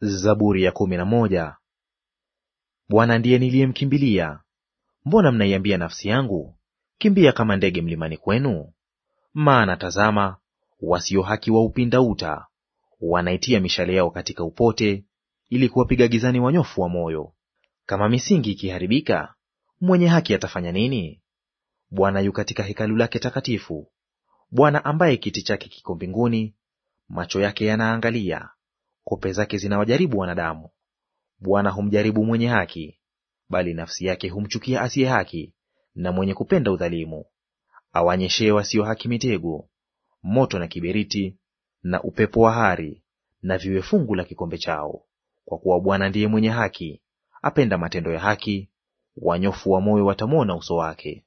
Zaburi ya kumi na moja. Bwana ndiye niliyemkimbilia. Mbona mnaiambia nafsi yangu, kimbia kama ndege mlimani kwenu? Maana tazama, wasio haki wa upinda uta, wanaitia mishale yao katika upote, ili kuwapiga gizani wanyofu wa moyo. Kama misingi ikiharibika, mwenye haki atafanya nini? Bwana yu katika hekalu lake takatifu. Bwana ambaye kiti chake kiko mbinguni, macho yake yanaangalia. Kope zake zinawajaribu wanadamu. Bwana humjaribu mwenye haki, bali nafsi yake humchukia asiye haki na mwenye kupenda udhalimu. Awanyeshee wasio haki mitego, moto na kiberiti, na upepo wa hari, na viwe fungu la kikombe chao. Kwa kuwa Bwana ndiye mwenye haki, apenda matendo ya haki, wanyofu wa moyo watamwona uso wake.